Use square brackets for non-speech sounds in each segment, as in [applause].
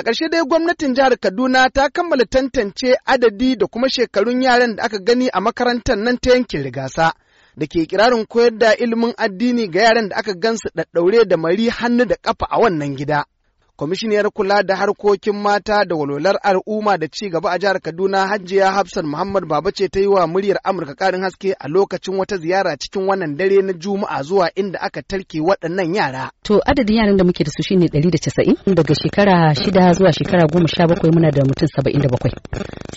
A ƙarshe dai gwamnatin jihar Kaduna ta kammala tantance adadi da kuma shekarun yaran da aka gani a makarantar nan ta yankin rigasa. Da ke kirarin koyar da ilimin addini ga yaran da aka gansu ɗaɗɗaure da mari hannu da ƙafa a wannan gida. kwamishiniyar kula da harkokin mata da walwalar al'umma da ci gaba a jihar kaduna hajjiya hafsan muhammad baba ce ta yi wa muryar amurka karin haske a lokacin wata ziyara cikin wannan dare na juma'a zuwa inda aka tarke waɗannan yara to adadin yaran da muke da su shine 190 daga shekara shida zuwa shekara goma sha bakwai muna da mutum saba'in da bakwai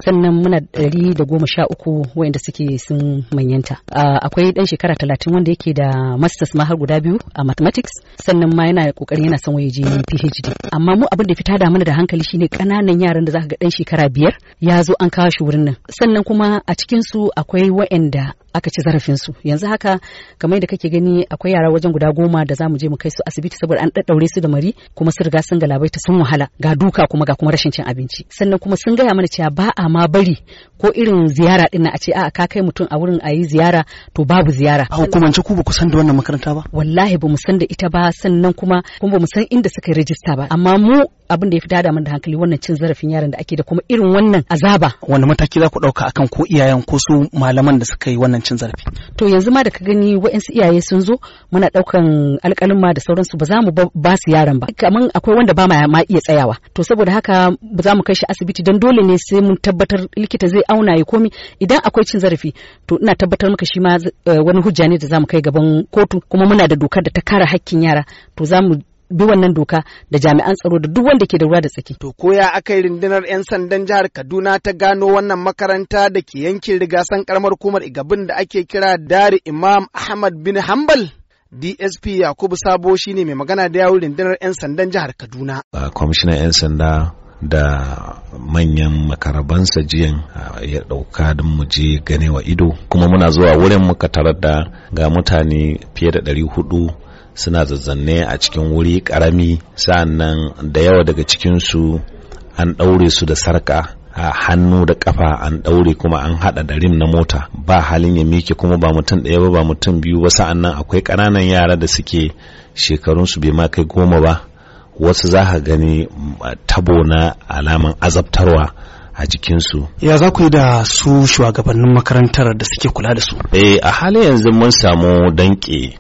sannan muna ɗari da goma sha uku wayanda suke sun manyanta akwai ɗan shekara talatin wanda yake da masters ma har guda biyu a mathematics sannan ma yana kokari yana son waje phd amma mu abin da fita da mana da hankali shine kananan yaran da za ka ga dan shekara biyar ya zo an kawo shi wurin nan sannan kuma a cikin su akwai waɗanda aka ci zarafinsu yanzu haka kamar da kake gani akwai yara wajen guda goma da za mu je mu kai su asibiti saboda an daddaure su da mari kuma su riga sun galabai ta sun wahala ga duka kuma ga kuma rashin cin abinci sannan kuma sun gaya mana cewa ba a ma bari ko irin ziyara din a ce a ka kai mutum a wurin ayi ziyara to babu ziyara a hukumance ku ba ku san da wannan makaranta ba wallahi ba mu san da ita ba sannan kuma kun ba mu san inda suka yi rajista ba amma mu abin da ya fi dada mun da hankali wannan cin zarafin yaran da ake da kuma irin wannan azaba wani mataki za ku dauka akan ko iyayen ko su malaman da suka yi wannan to yanzu ma da ka gani wa'yansu iyaye sun zo muna alƙalin ma da sauransu ba za mu ba su yaron ba kamar akwai wanda ba ma iya tsayawa to saboda haka ba za mu kai shi asibiti don dole ne sai mun tabbatar likita zai auna ya komi idan akwai cin zarafi to ina tabbatar maka shi ma eh, wani hujja ne da za mu kai gaban kotu kuma muna da dokar da ta kare hakkin yara to za mu bi wannan doka da jami'an tsaro da duk wanda ke da ruwa da tsaki. To ko ya aka yi rundunar 'yan sandan jihar Kaduna ta gano wannan makaranta da ke yankin rigasan karamar hukumar Igabin da ake kira Dari Imam Ahmad bin Hambal. DSP Yakubu Sabo shine mai magana da yawun rundunar 'yan sandan jihar Kaduna. Kwamishinan 'yan sanda da manyan makarabansa jiyan ya ɗauka don mu je ganewa ido kuma muna zuwa wurin muka tarar da ga mutane fiye da 400 suna zazzanne a cikin wuri karami sa'annan da yawa daga cikinsu an ɗaure su da sarka a hannu da ƙafa an ɗaure kuma an haɗa da rim na mota ba halin ya miƙe kuma ba mutum ɗaya ba ba mutum biyu ba sa'annan akwai ƙananan yara da suke shekarunsu bai ma kai goma ba wasu za ka gani tabo na alaman azabtarwa a jikinsu. Ya za ku yi da su shugabannin makarantar da suke kula da su? Eh a halin yanzu mun samu danƙe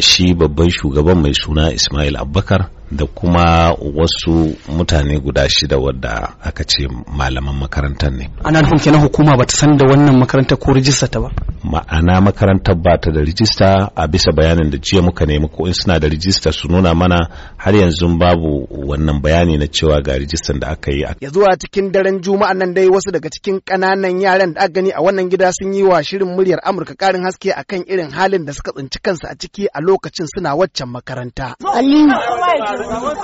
shi babban shugaban mai suna ismail abubakar da kuma wasu mutane guda shida wadda aka ce malaman makarantar ne ana nufin kenan hukuma bata san da wannan makarantar ko rijista ta ba ma'ana makarantar ba ta da rijista a bisa bayanin da jiya muka nemi ko in suna da rijista su nuna mana har yanzu babu wannan bayani na cewa ga rijistar da aka yi ya zuwa cikin daren juma'a nan dai wasu daga cikin ƙananan yaran da aka gani a wannan gida sun yi wa shirin muryar amurka ƙarin haske akan irin halin da suka tsinci kansu a ciki a lokacin suna waccan makaranta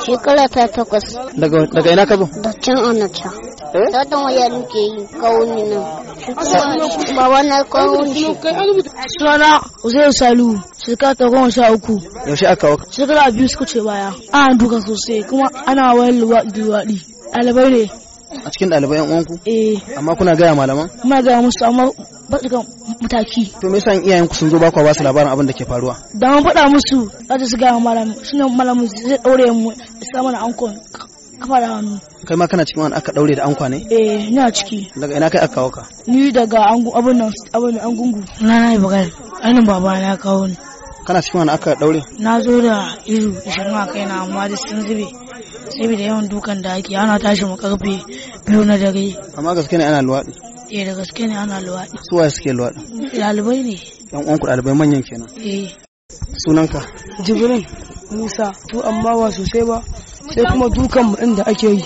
Shekara ta takwas. Daga ina ka zo? Da can onacha. Eh? Ta don waya nuke yi kawuni nan. Ba wani kawuni shi. Suna Uzair Salu. Shekara ta goma sha uku. Yaushe aka waka? Shekara biyu suka ce baya. Ana duka sosai kuma ana wayar luwaɗi-luwaɗi. Ɗalibai ne. A cikin ɗalibai yan uwanku? Eh. Amma kuna gaya malaman? Muna gaya musu amma ba su kan mataki. To me yasa iyayen ku sun zo ba ku ba su labarin abin da ke faruwa? Da mun faɗa musu za su ga malamin shine malamin zai daure mu sa mana ankon kafa da hannu. Kai ma kana cikin wani aka daure da ankwa ne? Eh, ina ciki. Daga ina kai aka kawo ka? Ni daga abin nan abin nan angungu. Na na An Ainin baba na kawo ni. Kana cikin wani aka daure? Na zo da iru ishirin a kaina amma da sun zube. Sai da yawan dukan da ake ana tashi mu karfe biyu na dare. Amma gaske ne ana luwaɗi. eh da gaske ne ana luwaɗi su waye suke luwaɗi ɗalibai ne yan uwanku ɗalibai manyan kenan eh sunanka jibrin musa to amma ba sosai ba sai kuma dukan mu inda ake yi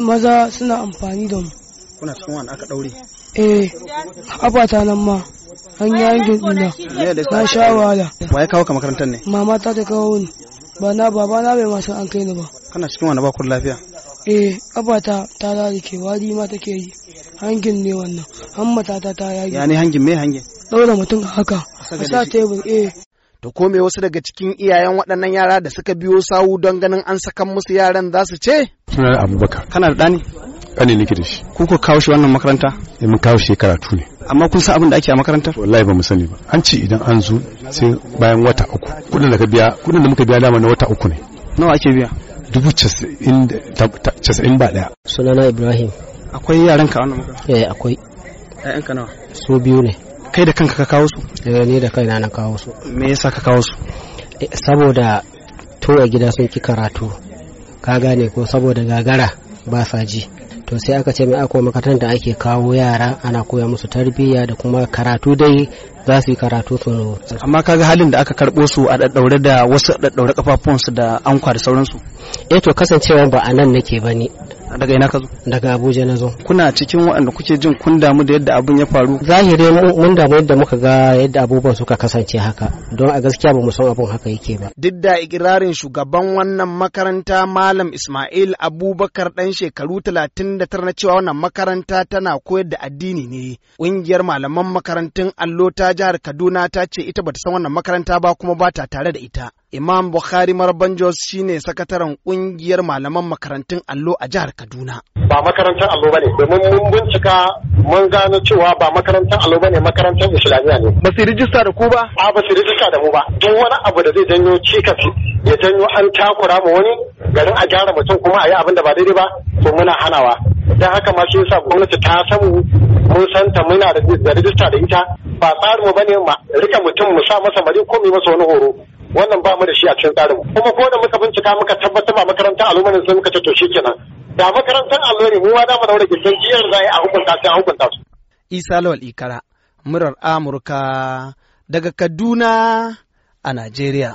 maza suna amfani da mu kuna cikin wani aka ɗaure eh abata nan ma an yi gina na Na sha wahala wa ya kawo ka makarantar ne mama ta ta kawo ni ba na baba na bai masu an kai ni ba kana cikin wani bakon lafiya eh abata ta lalike wari ma take yi hangin ne wannan an ta ta yage ya ne hangin me hangin daura mutum haka a sa tebur eh to kome wasu daga cikin iyayen waɗannan yara da suka biyo sawu don ganin an sakan musu yaran za su ce suna abubakar kana da ɗani ɗani nake da shi ku ko kawo shi wannan makaranta eh mun kawo shi karatu ne amma kun san abin da ake a makarantar wallahi ba mu sani ba an ce idan an zo sai bayan wata uku kuɗin da ka biya kudin da muka biya dama na wata uku ne nawa ake biya dubu casa'in ba ɗaya sunana ibrahim akwai yaran ka wannan eh akwai ƴaƴan ka nawa su biyu ne kai da kanka ka kawo su eh ni da kaina na kawo su me yasa ka kawo su eh, saboda to a gida sun ki karatu ka gane ko saboda gagara ba sa ji to sai aka ce mai akwai makarantar da ake kawo yara ana koya musu tarbiyya da kuma karatu dai za su yi karatu su [laughs] amma kaga halin da aka karbo su a daddaure da wasu daddaure kafafunsu da an da sauransu eh to kasancewa ba anan nake bane daga ina ka zo daga abuja na zo kuna cikin waɗanda kuke jin kun damu da yadda abun ya faru zahiri mun damu yadda muka ga yadda abubuwan suka kasance haka don a gaskiya ba mu san abun haka yake ba duk da ikirarin shugaban wannan makaranta malam ismail abubakar dan shekaru talatin da 39 na cewa wannan makaranta tana koyar da addini ne ƙungiyar malaman makarantun allo ta jihar kaduna ta ce ita bata san wannan makaranta ba kuma ba ta tare da ita Imam Bukhari Marban Jos shine sakataren ƙungiyar malaman makarantun allo a jihar Kaduna. Ba makarantar allo ne, domin mun bincika mun gano cewa ba makarantar allo ba ne makarantar Islamiyya ne. Ba su rijista da ku ba? A ba su rijista da mu ba. Duk wani abu da zai janyo cikas ya janyo an takura mu wani garin a gyara mutum kuma a yi abin da ba daidai ba to muna hanawa. Dan haka ma shi yasa gwamnati ta mu mun san ta muna da rijista da ita ba tsarinmu ne ma rika mutum mu sa masa mari ko mu masa wani horo. wannan ba mu da shi a cikin tsarin kuma ko da muka bincika muka tabbatar ba makarantar alumanin muka ce to kenan da makarantar allo ne mu ma za mu daura gidan jiyar za a hukunta sai a hukunta su Isa Lawal Ikara murar Amurka daga Kaduna a Najeriya